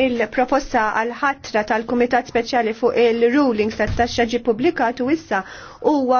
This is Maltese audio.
il-proposta għal ħatra tal-Kumitat Speċjali fuq il-ruling tat-taxxa ġi issa huwa